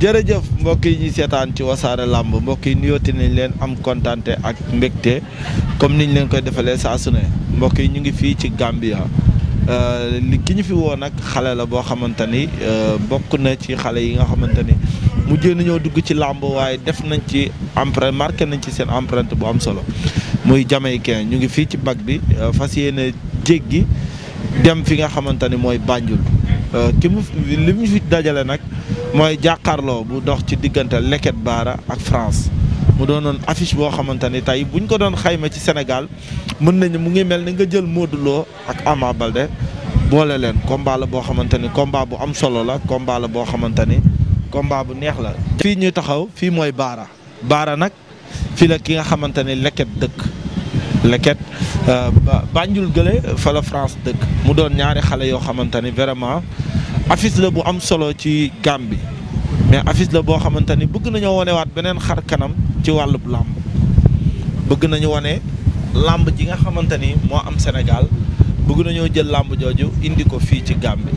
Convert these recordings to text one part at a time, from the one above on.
jërëjëf mbokk yi ñuy seetaan ci wasaare làmb mbokk yi nuyooti nañ leen am kontante ak mbégte comme niñ leen koy defalee saa su ne mbokk yi ñu ngi fii ci Gambia euh, li ki ñu fi woo nag xale la boo xamante ni euh, bokk na ci xale yi nga xamante ni mujjee nañoo dugg ci làmb waaye def nañ ci empreinte marqué nañ ci seen empreinte bu am solo muy jamaïcain ñu ngi fii ci bag bi euh, fas yéene jéggi dem fi nga xamante ni mooy Banjul ki mu li mu fi dajale nag. mooy jàkkaarloo bu dox ci diggante Leket Baara ak France mu doonoon affiche boo xamante ni tey buñ ko doon xayma ci Sénégal mën nañu mu ngi mel ni nga jël Modou Lo ak Ama Balde boole leen combat la boo xamante ni combat bu am solo la combat boo xamante ni combat bu neex la. fii ñuy taxaw fii mooy Baara Baara nag fii la ki nga xamante ni Leket dëkk. Leket euh, Banjul gële fa la France dëkk mu doon ñaari xale yoo xamante ni vraiment affiche la bu am solo ci bi mais affiche la boo xamante ni bëgg nañoo waat beneen xar kanam ci wàllub làmb bëgg nañu wane làmb ji nga xamante ni moo am senegal bëgg nañoo jël làmb jooju indi ko fii ci Gàmbi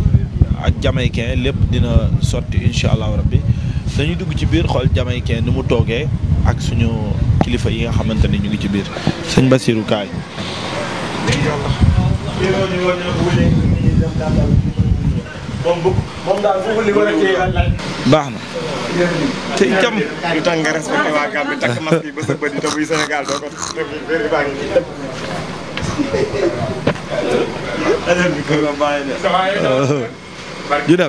ak jamaïcain lépp dina sotti incha allahu rabbi dañuy dugg ci biir xool jamaïcain nu mu toogee ak suñu kilifa yi nga xamante ni ñu ngi ci biir sëñ Basiru moom bu moom baax na. te itam. lu tax nga respecté yi ba sa bët yi te buy Sénégal doo ko def bëri baa ngi bi kër ga bàyyi de.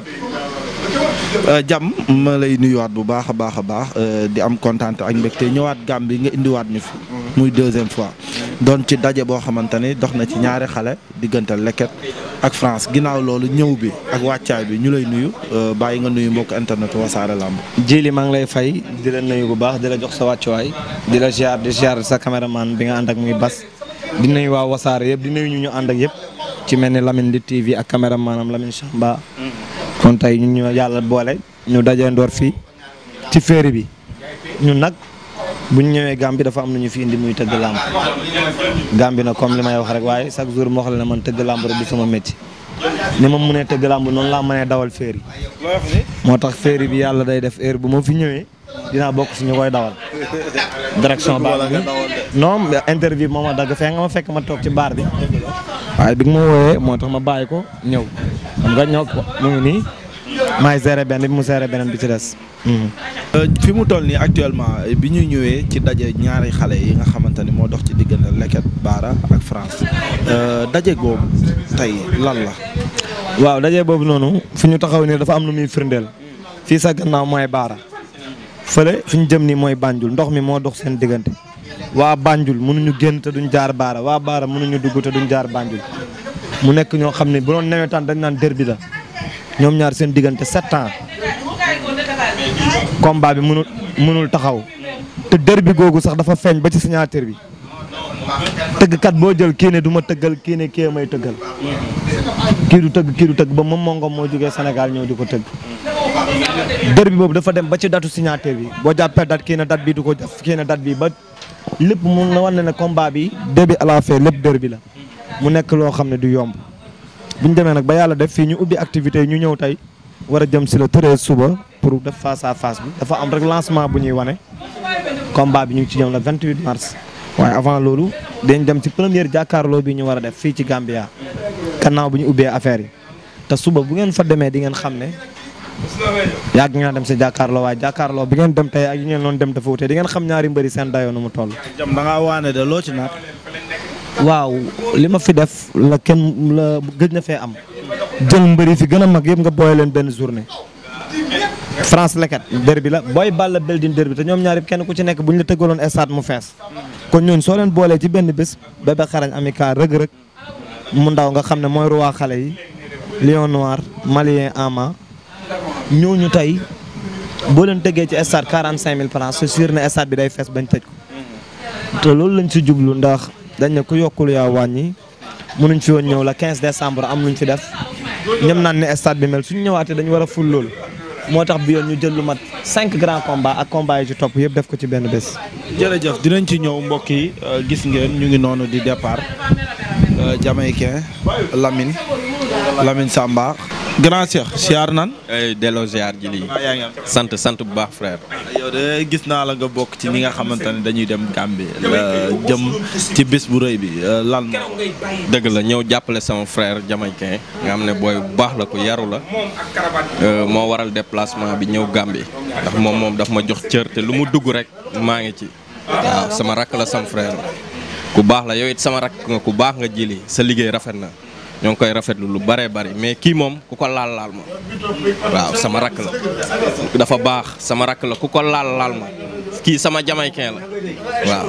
Euh, jàmm ma lay nuyuwaat bu baax a baax a baax euh, di am kontaan ak mbégte ñëwaat gàmm bi nga indiwaat ñu fi. muy deuxième fois. doon ci daje boo xamante ni dox na ci ñaari xale diggante Leket ak France ginnaaw loolu ñëw bi ak wàccaay bi ñu lay nuyu euh, bàyyi nga nuyu mbokk internet wasaare lamb. jili maa ngi lay fay di la nuyu bu baax di la jox sa wàccuwaay di la ziar di ziar sa caméraman bi nga ànd ak muy bas di nuyu waa wasaare yëpp di nuyu ñu ñu ànd ak yëpp ci mel ni Lamine di TV ak caméramanam Lamine Chamba. kon tey ñun ñoo yàlla boole ñu dajandoor fii ci féeri bi ñun nag bu ñu ñëwee Gàmbi dafa am na ñu fi indi muy tëgg làmb Gàmbi na comme li may wax rek waaye chaque jour moo xam ne man tëgg làmb rek du sama métti ni ma mënee tëgg làmb noonu laa mënee dawal féeri moo tax féeri bi yàlla day def heure bu ma fi ñëwee dinaa bokk suñu koy dawal. direction baar bi non interview bi moo dagg fee nga ma fekk ma toog ci baar bi waaye bi ma wooyee moo ko xam nga ñoo mu ngi nii maay gérer benn bi mu gérer beneen bi ci des. Hmm. fi mu toll nii actuellement bi ñuy ñëwee ci daje ñaari xale yi nga xamante ni moo dox ci diggante Leket Baara ak France euh, daje boobu tey lan la. waaw daje boobu noonu fi ñu taxaw nii dafa am lu muy firndeel fi sa gannaaw mooy Baara fële fi ñu jëm nii mooy Banjul ndox mi moo dox seen diggante waa Banjul mënuñu génn te ñu jaar Baara waa Baara mënuñu dugg te ñu jaar Banjul mu nekk ñoo xam ne bu doon nawetaan dañ naan derbi la ñoom ñaar seen diggante sept ans combat bi mënul mënul taxaw te derbi googu sax dafa feeñ ba ci signature bi tëggkat boo jël kii ne du ma tëggal kii ne may tëggal kii du tëgg kii du tëgg ba moom mongom moo jógee senegal ñëw du ko tëgg derbi boobu dafa dem ba ci datu signature bi boo jàppee date kii ne date bi du ko def kii ne bi ba lépp mu na wan ne ne combat bi début à la fin lépp derbi la mu nekk loo xam ne du yomb bu ñu demee nag ba yàlla def fii ñu ubbi activité yi ñu ñëw tey war a jëm si le treize suba pour def face à face bi dafa am rek lancement bu ñuy wane combat bi ñu ci jëm le 28 mars. waaye avant loolu dañ dem ci première jàkkaarloo bi ñu war a def fii ci Gambia gannaaw bu ñu ubbee affaire yi te suba bu ngeen fa demee di ngeen xam ne yàgg ngeen dem si jàkkaarloo waaye jàkkaarloo bi ngeen dem tey ak yi ngeen doon dem dafa wute di xam ñaari mbëri seen dayoo mu toll. waaw li ma fi def la kenn la gëj na fee am jël mbëri fi gën a mag yëpp nga booy leen benn journée France leket derbi la booy bal Balla Beldine derbi te ñoom ñaar yëpp kenn ku ci nekk bu ñu la tëggaloon stade mu fees kon ñooñu soo leen boolee ci benn bés bébé xarañ amica rëg-rëg mu ndaw nga xam ne mooy roi xale yi lion noir malien ama ñooñu tey boo leen tëggee ci stade quarante cinq mille francs c'est sûr ne stade bi day fees bañ tëj te loolu lañ si jublu ndax dañ ne ku yokkul yaa wàññi mënuñ fi woon ñëw la 15 décembre am luñ fi def ñëm naan ne stade bi mel suñu ñëwaatee dañu war a ful moo tax bu yoon ñu jël lu mat cinq grands combats ak combats yi ci topp yëpp def ko ci benn bés. jërëjëf dinañ ci ñëw mbokk yi euh, gis ngeen ñu ngi noonu di départ euh, Jamaïcain Lamine Lamine Samba. grand Cheikh siyaar nan. delloo siyaar ji lii ah, sant sant bu baax frère. yow de gis naa la nga bokk ci ñi nga xamante ne dañuy dem Gambie euh, jëm ci bis bu rëy bi euh, lan dëgg la ñëw jàppale sama frère jamaïcain nga xam ne booy bu baax la ko yaru la euh, moo waral déplacement bi ñëw Gambie ndax moom moom daf ma jox cër te lu mu dugg rek maa ngi ci waaw sama rakk la sama frère ku baax la yow it sama rakk nga ku baax nga jili sa liggéey rafet na. ñoo ngi koy rafetlu lu bare bari mais kii moom ku ko laal laal ma waaw sama rakk la dafa baax sama rakk la ku ko laal laal ma kii sama jamaïcain la waaw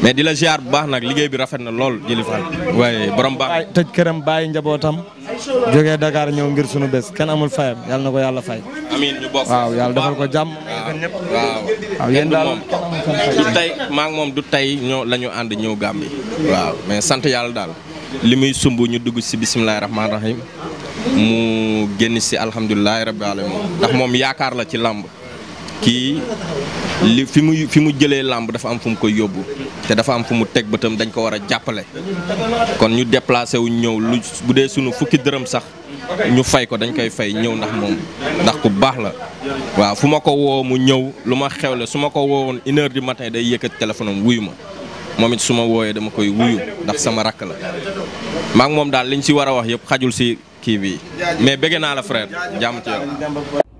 mais di la ziar bu baax nag liggéey bi rafet na lool jëli waaye borom baax tëj këram bàyyi njabootam jógee Dakar ñëw ngir sunu bés kenn amul fayam na ko yàlla fay waaw yàlla defal ko jàmm ñëpp maa moom du tey ñoo la ànd ñëw Gàmbi waaw mais sant yàlla daal li muy sumb ñu dugg si bisimilah rahmaani rahim mu génn si alhamdulilah rabbil alamin ndax moom yaakaar la ci làmb kii li fi mu fi mu jëlee làmb dafa am fu mu koy yóbbu te dafa am fu mu teg bëtam dañ ko war a jàppale kon ñu déplacé wu ñëw lu bu dee sunu fukki dërëm sax ñu fay ko dañ koy fay ñëw ndax moom ndax ku baax la waaw fu ma ko woo mu ñëw lu ma xewle su ma ko woowoon une heure du day yëkkat téléphone am wuyu ma. moom it su ma wooyee dama koy wuyu ndax sama rakk la maak moom daal liñ si war a wax yëpp xajul ci kii bi mais bëgg naa la frère jàmm ci yow